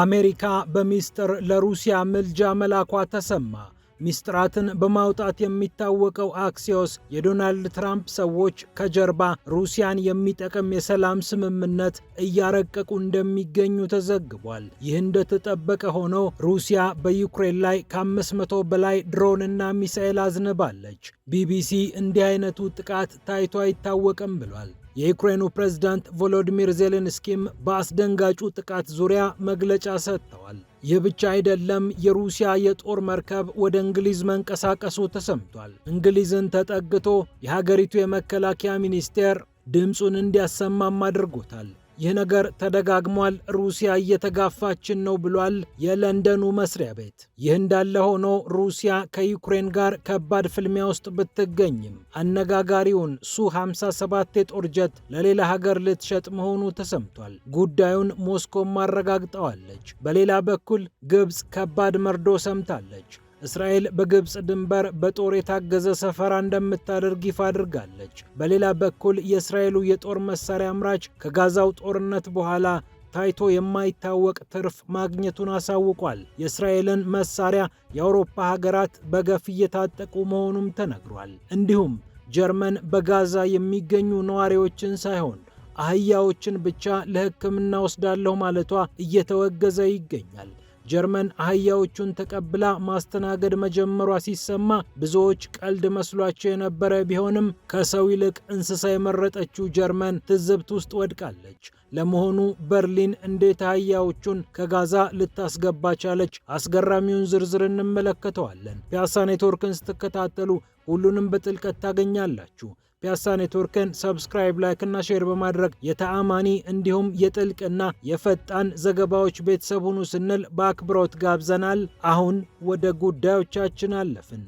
አሜሪካ በሚስጥር ለሩሲያ ምልጃ መላኳ ተሰማ። ሚስጥራትን በማውጣት የሚታወቀው አክሲዮስ የዶናልድ ትራምፕ ሰዎች ከጀርባ ሩሲያን የሚጠቅም የሰላም ስምምነት እያረቀቁ እንደሚገኙ ተዘግቧል። ይህ እንደተጠበቀ ሆኖ ሩሲያ በዩክሬን ላይ ከ500 በላይ ድሮንና ሚሳኤል አዝንባለች። ቢቢሲ እንዲህ አይነቱ ጥቃት ታይቶ አይታወቅም ብሏል። የዩክሬኑ ፕሬዝዳንት ቮሎዲሚር ዜሌንስኪም በአስደንጋጩ ጥቃት ዙሪያ መግለጫ ሰጥተዋል። ይህ ብቻ አይደለም። የሩሲያ የጦር መርከብ ወደ እንግሊዝ መንቀሳቀሱ ተሰምቷል። እንግሊዝን ተጠግቶ የሀገሪቱ የመከላከያ ሚኒስቴር ድምፁን እንዲያሰማም አድርጎታል። ይህ ነገር ተደጋግሟል፣ ሩሲያ እየተጋፋችን ነው ብሏል የለንደኑ መስሪያ ቤት። ይህ እንዳለ ሆኖ ሩሲያ ከዩክሬን ጋር ከባድ ፍልሚያ ውስጥ ብትገኝም አነጋጋሪውን ሱ 57 የጦር ጀት ለሌላ ሀገር ልትሸጥ መሆኑ ተሰምቷል። ጉዳዩን ሞስኮም አረጋግጠዋለች። በሌላ በኩል ግብፅ ከባድ መርዶ ሰምታለች። እስራኤል በግብፅ ድንበር በጦር የታገዘ ሰፈራ እንደምታደርግ ይፋ አድርጋለች። በሌላ በኩል የእስራኤሉ የጦር መሳሪያ አምራች ከጋዛው ጦርነት በኋላ ታይቶ የማይታወቅ ትርፍ ማግኘቱን አሳውቋል። የእስራኤልን መሳሪያ የአውሮፓ ሀገራት በገፍ እየታጠቁ መሆኑም ተነግሯል። እንዲሁም ጀርመን በጋዛ የሚገኙ ነዋሪዎችን ሳይሆን አህያዎችን ብቻ ለሕክምና ወስዳለሁ ማለቷ እየተወገዘ ይገኛል። ጀርመን አህያዎቹን ተቀብላ ማስተናገድ መጀመሯ ሲሰማ ብዙዎች ቀልድ መስሏቸው የነበረ ቢሆንም ከሰው ይልቅ እንስሳ የመረጠችው ጀርመን ትዝብት ውስጥ ወድቃለች። ለመሆኑ በርሊን እንዴት አህያዎቹን ከጋዛ ልታስገባ ቻለች? አስገራሚውን ዝርዝር እንመለከተዋለን። ፒያሳ ኔትወርክን ስትከታተሉ ሁሉንም በጥልቀት ታገኛላችሁ። ፒያሳ ኔትወርክን ሰብስክራይብ፣ ላይክ እና ሼር በማድረግ የተአማኒ እንዲሁም የጥልቅና የፈጣን ዘገባዎች ቤተሰብ ሁኑ ስንል በአክብሮት ጋብዘናል። አሁን ወደ ጉዳዮቻችን አለፍን።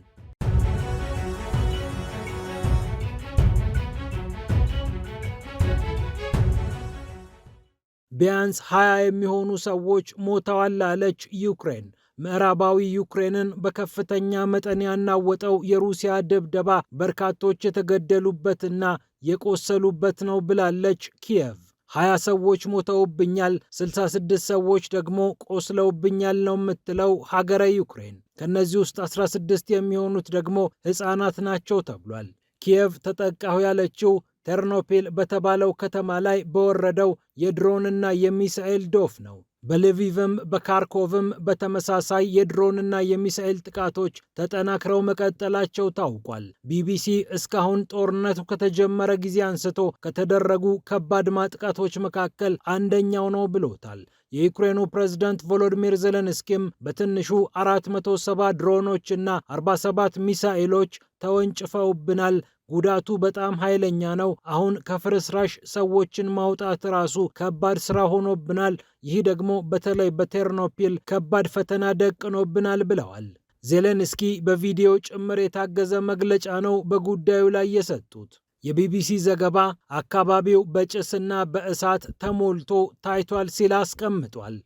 ቢያንስ 20 የሚሆኑ ሰዎች ሞተዋል አለች ዩክሬን። ምዕራባዊ ዩክሬንን በከፍተኛ መጠን ያናወጠው የሩሲያ ድብደባ በርካቶች የተገደሉበትና የቆሰሉበት ነው ብላለች ኪየቭ። ሀያ ሰዎች ሞተውብኛል፣ 66 ሰዎች ደግሞ ቆስለውብኛል ነው የምትለው ሀገረ ዩክሬን። ከእነዚህ ውስጥ 16 የሚሆኑት ደግሞ ሕፃናት ናቸው ተብሏል። ኪየቭ ተጠቃሁ ያለችው ተርኖፔል በተባለው ከተማ ላይ በወረደው የድሮንና የሚሳኤል ዶፍ ነው። በልቪቭም በካርኮቭም በተመሳሳይ የድሮንና የሚሳኤል ጥቃቶች ተጠናክረው መቀጠላቸው ታውቋል። ቢቢሲ እስካሁን ጦርነቱ ከተጀመረ ጊዜ አንስቶ ከተደረጉ ከባድ ማጥቃቶች መካከል አንደኛው ነው ብሎታል። የዩክሬኑ ፕሬዝዳንት ቮሎዲሚር ዜሌንስኪም በትንሹ 470 ድሮኖች እና 47 ሚሳኤሎች ተወንጭፈውብናል ጉዳቱ በጣም ኃይለኛ ነው። አሁን ከፍርስራሽ ሰዎችን ማውጣት ራሱ ከባድ ስራ ሆኖብናል። ይህ ደግሞ በተለይ በቴርኖፒል ከባድ ፈተና ደቅኖብናል ብለዋል። ዜሌንስኪ በቪዲዮ ጭምር የታገዘ መግለጫ ነው በጉዳዩ ላይ የሰጡት። የቢቢሲ ዘገባ አካባቢው በጭስና በእሳት ተሞልቶ ታይቷል ሲል አስቀምጧል።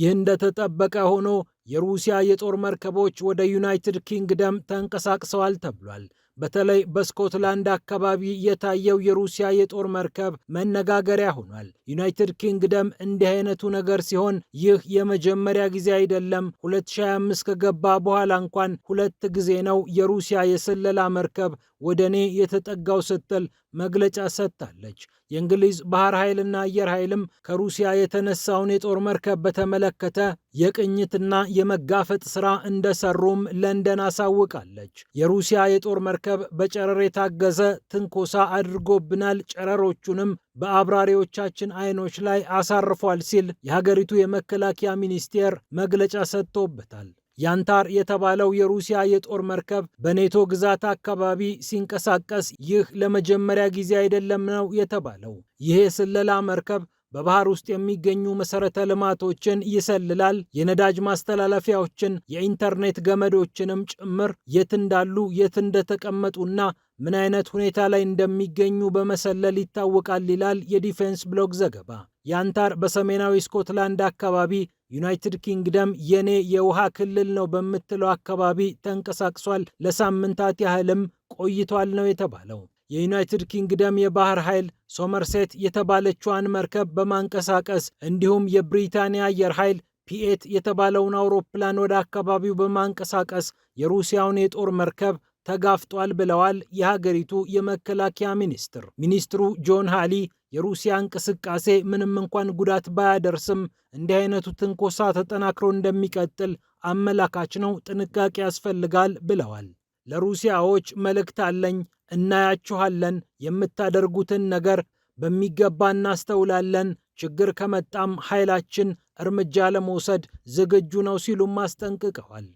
ይህ እንደተጠበቀ ሆኖ የሩሲያ የጦር መርከቦች ወደ ዩናይትድ ኪንግደም ተንቀሳቅሰዋል ተብሏል። በተለይ በስኮትላንድ አካባቢ የታየው የሩሲያ የጦር መርከብ መነጋገሪያ ሆኗል። ዩናይትድ ኪንግደም እንዲህ አይነቱ ነገር ሲሆን ይህ የመጀመሪያ ጊዜ አይደለም። 2025 ከገባ በኋላ እንኳን ሁለት ጊዜ ነው የሩሲያ የስለላ መርከብ ወደ እኔ የተጠጋው ስትል መግለጫ ሰጥታለች። የእንግሊዝ ባህር ኃይልና አየር ኃይልም ከሩሲያ የተነሳውን የጦር መርከብ በተመለከተ የቅኝትና የመጋፈጥ ስራ እንደሰሩም ለንደን አሳውቃለች። የሩሲያ የጦር መርከብ በጨረር የታገዘ ትንኮሳ አድርጎብናል፣ ጨረሮቹንም በአብራሪዎቻችን አይኖች ላይ አሳርፏል ሲል የሀገሪቱ የመከላከያ ሚኒስቴር መግለጫ ሰጥቶበታል። ያንታር የተባለው የሩሲያ የጦር መርከብ በኔቶ ግዛት አካባቢ ሲንቀሳቀስ ይህ ለመጀመሪያ ጊዜ አይደለም ነው የተባለው። ይሄ የስለላ መርከብ በባህር ውስጥ የሚገኙ መሰረተ ልማቶችን ይሰልላል፣ የነዳጅ ማስተላለፊያዎችን፣ የኢንተርኔት ገመዶችንም ጭምር የት እንዳሉ የት እንደተቀመጡና ምን አይነት ሁኔታ ላይ እንደሚገኙ በመሰለል ይታወቃል ይላል የዲፌንስ ብሎግ ዘገባ። ያንታር በሰሜናዊ ስኮትላንድ አካባቢ ዩናይትድ ኪንግደም የኔ የውሃ ክልል ነው በምትለው አካባቢ ተንቀሳቅሷል። ለሳምንታት ያህልም ቆይቷል ነው የተባለው። የዩናይትድ ኪንግደም የባህር ኃይል ሶመርሴት የተባለችዋን መርከብ በማንቀሳቀስ እንዲሁም የብሪታንያ አየር ኃይል ፒኤት የተባለውን አውሮፕላን ወደ አካባቢው በማንቀሳቀስ የሩሲያውን የጦር መርከብ ተጋፍጧል ብለዋል የሀገሪቱ የመከላከያ ሚኒስትር። ሚኒስትሩ ጆን ሃሊ የሩሲያ እንቅስቃሴ ምንም እንኳን ጉዳት ባያደርስም እንዲህ አይነቱ ትንኮሳ ተጠናክሮ እንደሚቀጥል አመላካች ነው፣ ጥንቃቄ ያስፈልጋል ብለዋል። ለሩሲያዎች መልእክት አለኝ፣ እናያችኋለን፣ የምታደርጉትን ነገር በሚገባ እናስተውላለን፣ ችግር ከመጣም ኃይላችን እርምጃ ለመውሰድ ዝግጁ ነው ሲሉም አስጠንቅቀዋል።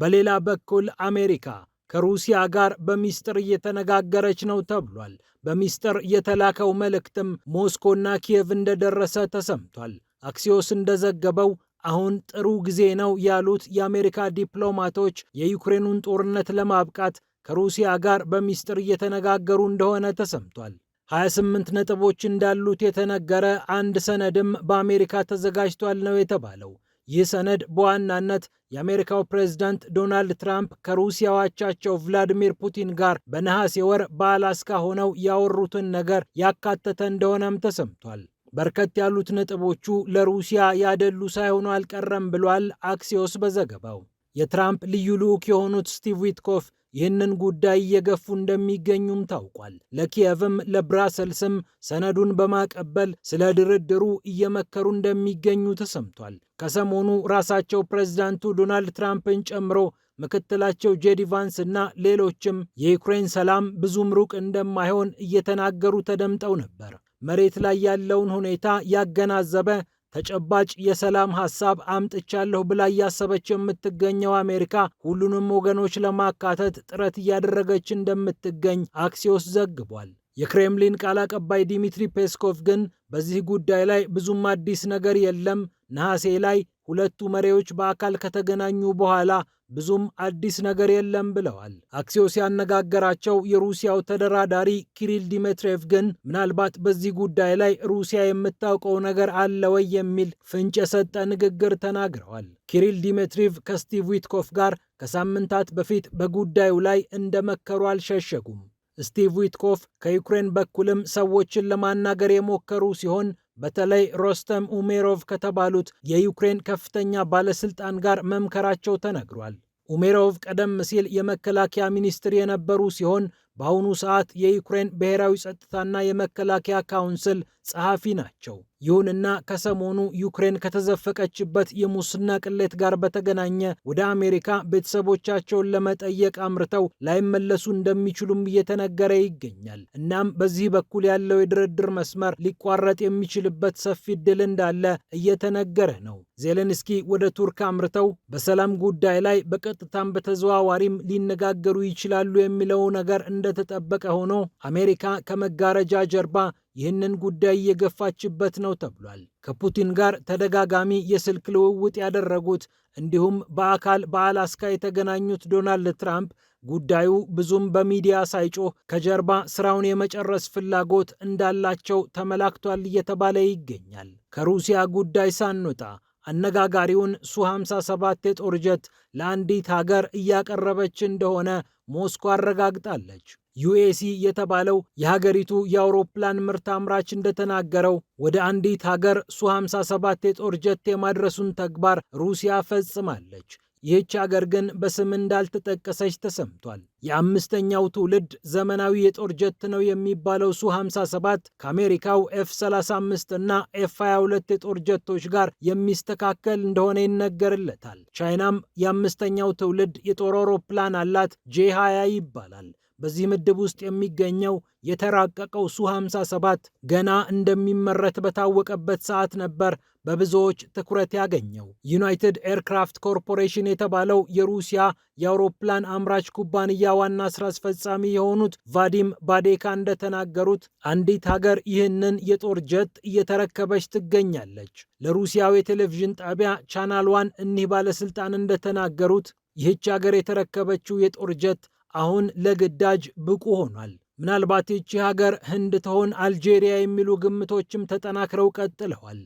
በሌላ በኩል አሜሪካ ከሩሲያ ጋር በሚስጥር እየተነጋገረች ነው ተብሏል። በሚስጥር የተላከው መልእክትም ሞስኮና ኪየቭ እንደደረሰ ተሰምቷል። አክሲዮስ እንደዘገበው አሁን ጥሩ ጊዜ ነው ያሉት የአሜሪካ ዲፕሎማቶች የዩክሬኑን ጦርነት ለማብቃት ከሩሲያ ጋር በሚስጥር እየተነጋገሩ እንደሆነ ተሰምቷል። 28 ነጥቦች እንዳሉት የተነገረ አንድ ሰነድም በአሜሪካ ተዘጋጅቷል ነው የተባለው። ይህ ሰነድ በዋናነት የአሜሪካው ፕሬዝዳንት ዶናልድ ትራምፕ ከሩሲያ አቻቸው ቭላዲሚር ፑቲን ጋር በነሐሴ ወር በአላስካ ሆነው ያወሩትን ነገር ያካተተ እንደሆነም ተሰምቷል። በርከት ያሉት ነጥቦቹ ለሩሲያ ያደሉ ሳይሆኑ አልቀረም ብሏል አክሲዮስ በዘገባው። የትራምፕ ልዩ ልዑክ የሆኑት ስቲቭ ዊትኮፍ ይህንን ጉዳይ እየገፉ እንደሚገኙም ታውቋል። ለኪየቭም ለብራሰልስም ሰነዱን በማቀበል ስለ ድርድሩ እየመከሩ እንደሚገኙ ተሰምቷል። ከሰሞኑ ራሳቸው ፕሬዚዳንቱ ዶናልድ ትራምፕን ጨምሮ ምክትላቸው ጄዲ ቫንስ እና ሌሎችም የዩክሬን ሰላም ብዙም ሩቅ እንደማይሆን እየተናገሩ ተደምጠው ነበር። መሬት ላይ ያለውን ሁኔታ ያገናዘበ ተጨባጭ የሰላም ሀሳብ አምጥቻለሁ ብላ እያሰበች የምትገኘው አሜሪካ ሁሉንም ወገኖች ለማካተት ጥረት እያደረገች እንደምትገኝ አክሲዮስ ዘግቧል። የክሬምሊን ቃል አቀባይ ዲሚትሪ ፔስኮቭ ግን በዚህ ጉዳይ ላይ ብዙም አዲስ ነገር የለም ነሐሴ ላይ ሁለቱ መሪዎች በአካል ከተገናኙ በኋላ ብዙም አዲስ ነገር የለም ብለዋል። አክሲዮስ ያነጋገራቸው የሩሲያው ተደራዳሪ ኪሪል ዲሜትሬቭ ግን ምናልባት በዚህ ጉዳይ ላይ ሩሲያ የምታውቀው ነገር አለ ወይ የሚል ፍንጭ የሰጠ ንግግር ተናግረዋል። ኪሪል ዲሜትሪቭ ከስቲቭ ዊትኮፍ ጋር ከሳምንታት በፊት በጉዳዩ ላይ እንደመከሩ አልሸሸጉም። ስቲቭ ዊትኮፍ ከዩክሬን በኩልም ሰዎችን ለማናገር የሞከሩ ሲሆን በተለይ ሮስተም ኡሜሮቭ ከተባሉት የዩክሬን ከፍተኛ ባለስልጣን ጋር መምከራቸው ተነግሯል። ኡሜሮቭ ቀደም ሲል የመከላከያ ሚኒስትር የነበሩ ሲሆን በአሁኑ ሰዓት የዩክሬን ብሔራዊ ጸጥታና የመከላከያ ካውንስል ጸሐፊ ናቸው። ይሁንና ከሰሞኑ ዩክሬን ከተዘፈቀችበት የሙስና ቅሌት ጋር በተገናኘ ወደ አሜሪካ ቤተሰቦቻቸውን ለመጠየቅ አምርተው ላይመለሱ እንደሚችሉም እየተነገረ ይገኛል። እናም በዚህ በኩል ያለው የድርድር መስመር ሊቋረጥ የሚችልበት ሰፊ እድል እንዳለ እየተነገረ ነው። ዜሌንስኪ ወደ ቱርክ አምርተው በሰላም ጉዳይ ላይ በቀጥታም በተዘዋዋሪም ሊነጋገሩ ይችላሉ የሚለው ነገር እንደተጠበቀ ሆኖ አሜሪካ ከመጋረጃ ጀርባ ይህንን ጉዳይ እየገፋችበት ነው ተብሏል። ከፑቲን ጋር ተደጋጋሚ የስልክ ልውውጥ ያደረጉት እንዲሁም በአካል በአላስካ የተገናኙት ዶናልድ ትራምፕ ጉዳዩ ብዙም በሚዲያ ሳይጮህ ከጀርባ ስራውን የመጨረስ ፍላጎት እንዳላቸው ተመላክቷል እየተባለ ይገኛል። ከሩሲያ ጉዳይ ሳንወጣ አነጋጋሪውን ሱ-57 የጦር ጀት ለአንዲት ሀገር እያቀረበች እንደሆነ ሞስኮ አረጋግጣለች። ዩኤሲ የተባለው የሀገሪቱ የአውሮፕላን ምርት አምራች እንደተናገረው ወደ አንዲት ሀገር ሱ-57 የጦር ጀት የማድረሱን ተግባር ሩሲያ ፈጽማለች። ይህች አገር ግን በስም እንዳልተጠቀሰች ተሰምቷል። የአምስተኛው ትውልድ ዘመናዊ የጦር ጀት ነው የሚባለው ሱ 57 ከአሜሪካው ኤፍ 35 እና ኤፍ 22 የጦር ጀቶች ጋር የሚስተካከል እንደሆነ ይነገርለታል። ቻይናም የአምስተኛው ትውልድ የጦር አውሮፕላን አላት፣ ጄ 20 ይባላል። በዚህ ምድብ ውስጥ የሚገኘው የተራቀቀው ሱ 57 ገና እንደሚመረት በታወቀበት ሰዓት ነበር በብዙዎች ትኩረት ያገኘው። ዩናይትድ ኤርክራፍት ኮርፖሬሽን የተባለው የሩሲያ የአውሮፕላን አምራች ኩባንያ ዋና ስራ አስፈጻሚ የሆኑት ቫዲም ባዴካ እንደተናገሩት አንዲት ሀገር ይህንን የጦር ጀት እየተረከበች ትገኛለች። ለሩሲያው የቴሌቪዥን ጣቢያ ቻናል ዋን እኒህ ባለስልጣን እንደተናገሩት ይህች ሀገር የተረከበችው የጦር ጀት አሁን ለግዳጅ ብቁ ሆኗል። ምናልባት ይቺ ሀገር ህንድ ትሆን አልጄሪያ የሚሉ ግምቶችም ተጠናክረው ቀጥለዋል።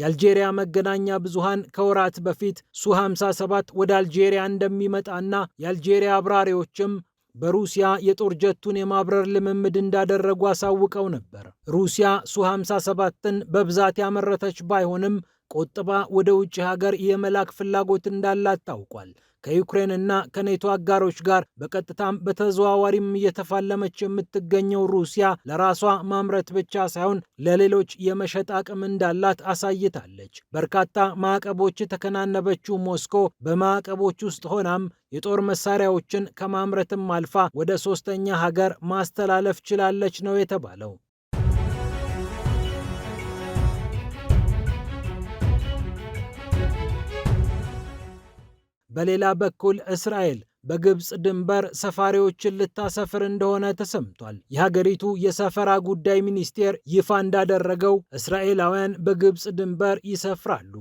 የአልጄሪያ መገናኛ ብዙሃን ከወራት በፊት ሱ-57 ወደ አልጄሪያ እንደሚመጣና የአልጄሪያ አብራሪዎችም በሩሲያ የጦር ጀቱን የማብረር ልምምድ እንዳደረጉ አሳውቀው ነበር። ሩሲያ ሱ-57ን በብዛት ያመረተች ባይሆንም ቆጥባ ወደ ውጭ ሀገር የመላክ ፍላጎት እንዳላት ታውቋል። ከዩክሬንና ከኔቶ አጋሮች ጋር በቀጥታም በተዘዋዋሪም እየተፋለመች የምትገኘው ሩሲያ ለራሷ ማምረት ብቻ ሳይሆን ለሌሎች የመሸጥ አቅም እንዳላት አሳይታለች። በርካታ ማዕቀቦች የተከናነበችው ሞስኮ በማዕቀቦች ውስጥ ሆናም የጦር መሳሪያዎችን ከማምረትም አልፋ ወደ ሶስተኛ ሀገር ማስተላለፍ ችላለች ነው የተባለው። በሌላ በኩል እስራኤል በግብፅ ድንበር ሰፋሪዎችን ልታሰፍር እንደሆነ ተሰምቷል። የሀገሪቱ የሰፈራ ጉዳይ ሚኒስቴር ይፋ እንዳደረገው እስራኤላውያን በግብፅ ድንበር ይሰፍራሉ።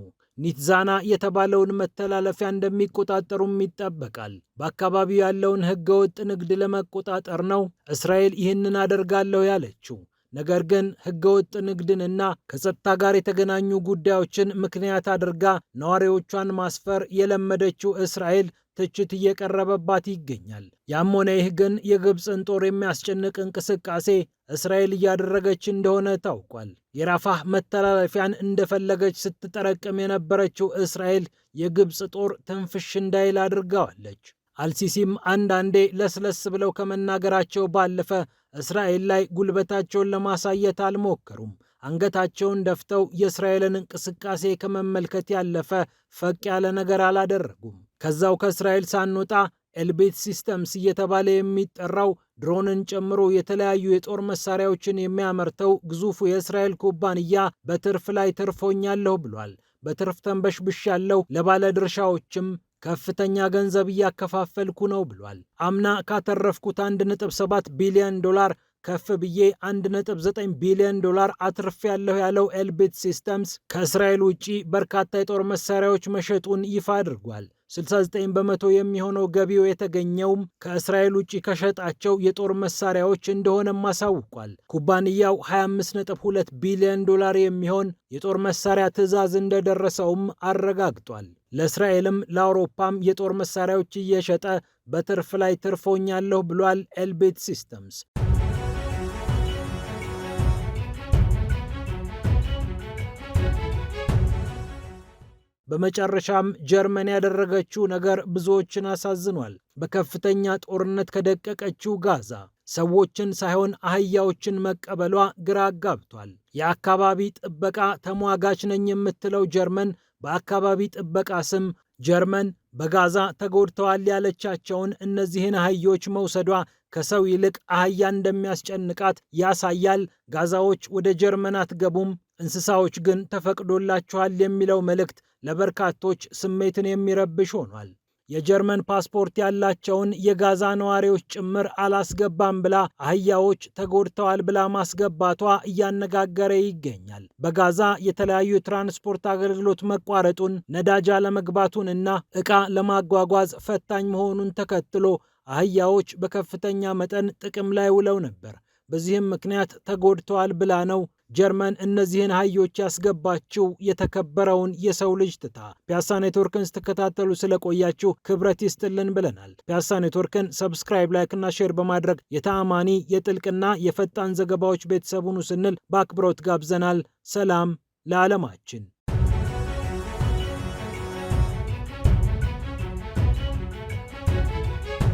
ኒትዛና የተባለውን መተላለፊያ እንደሚቆጣጠሩም ይጠበቃል። በአካባቢው ያለውን ሕገወጥ ንግድ ለመቆጣጠር ነው እስራኤል ይህንን አደርጋለሁ ያለችው። ነገር ግን ህገወጥ ንግድን እና ከጸጥታ ጋር የተገናኙ ጉዳዮችን ምክንያት አድርጋ ነዋሪዎቿን ማስፈር የለመደችው እስራኤል ትችት እየቀረበባት ይገኛል። ያም ሆነ ይህ ግን የግብፅን ጦር የሚያስጨንቅ እንቅስቃሴ እስራኤል እያደረገች እንደሆነ ታውቋል። የራፋህ መተላለፊያን እንደፈለገች ስትጠረቅም የነበረችው እስራኤል የግብፅ ጦር ትንፍሽ እንዳይል አድርጋዋለች። አልሲሲም አንዳንዴ ለስለስ ብለው ከመናገራቸው ባለፈ እስራኤል ላይ ጉልበታቸውን ለማሳየት አልሞከሩም። አንገታቸውን ደፍተው የእስራኤልን እንቅስቃሴ ከመመልከት ያለፈ ፈቅ ያለ ነገር አላደረጉም። ከዛው ከእስራኤል ሳንወጣ ኤልቤት ሲስተምስ እየተባለ የሚጠራው ድሮንን ጨምሮ የተለያዩ የጦር መሳሪያዎችን የሚያመርተው ግዙፉ የእስራኤል ኩባንያ በትርፍ ላይ ተርፎኛለሁ ብሏል። በትርፍ ተንበሽብሻለሁ፣ ለባለድርሻዎችም ከፍተኛ ገንዘብ እያከፋፈልኩ ነው ብሏል። አምና ካተረፍኩት 1.7 ቢሊዮን ዶላር ከፍ ብዬ 1.9 ቢሊዮን ዶላር አትርፍ ያለሁ ያለው ኤልቢት ሲስተምስ ከእስራኤል ውጪ በርካታ የጦር መሳሪያዎች መሸጡን ይፋ አድርጓል። 69 በመቶ የሚሆነው ገቢው የተገኘውም ከእስራኤል ውጪ ከሸጣቸው የጦር መሳሪያዎች እንደሆነም አሳውቋል። ኩባንያው 25.2 ቢሊዮን ዶላር የሚሆን የጦር መሳሪያ ትዕዛዝ እንደደረሰውም አረጋግጧል። ለእስራኤልም ለአውሮፓም የጦር መሳሪያዎች እየሸጠ በትርፍ ላይ ትርፎኛለሁ ብሏል። ኤልቤት ሲስተምስ በመጨረሻም ጀርመን ያደረገችው ነገር ብዙዎችን አሳዝኗል። በከፍተኛ ጦርነት ከደቀቀችው ጋዛ ሰዎችን ሳይሆን አህያዎችን መቀበሏ ግራ አጋብቷል። የአካባቢ ጥበቃ ተሟጋች ነኝ የምትለው ጀርመን በአካባቢ ጥበቃ ስም ጀርመን በጋዛ ተጎድተዋል ያለቻቸውን እነዚህን አህዮች መውሰዷ ከሰው ይልቅ አህያ እንደሚያስጨንቃት ያሳያል። ጋዛዎች ወደ ጀርመን አትገቡም፣ እንስሳዎች ግን ተፈቅዶላችኋል የሚለው መልእክት ለበርካቶች ስሜትን የሚረብሽ ሆኗል። የጀርመን ፓስፖርት ያላቸውን የጋዛ ነዋሪዎች ጭምር አላስገባም ብላ አህያዎች ተጎድተዋል ብላ ማስገባቷ እያነጋገረ ይገኛል። በጋዛ የተለያዩ የትራንስፖርት አገልግሎት መቋረጡን፣ ነዳጅ አለመግባቱን እና ዕቃ ለማጓጓዝ ፈታኝ መሆኑን ተከትሎ አህያዎች በከፍተኛ መጠን ጥቅም ላይ ውለው ነበር። በዚህም ምክንያት ተጎድተዋል ብላ ነው ጀርመን እነዚህን አህዮች ያስገባችው የተከበረውን የሰው ልጅ ትታ። ፒያሳ ኔትወርክን ስትከታተሉ ስለቆያችሁ ክብረት ይስጥልን ብለናል። ፒያሳ ኔትወርክን ሰብስክራይብ፣ ላይክና ሼር በማድረግ የተአማኒ የጥልቅና የፈጣን ዘገባዎች ቤተሰቡን ስንል በአክብሮት ጋብዘናል። ሰላም ለዓለማችን።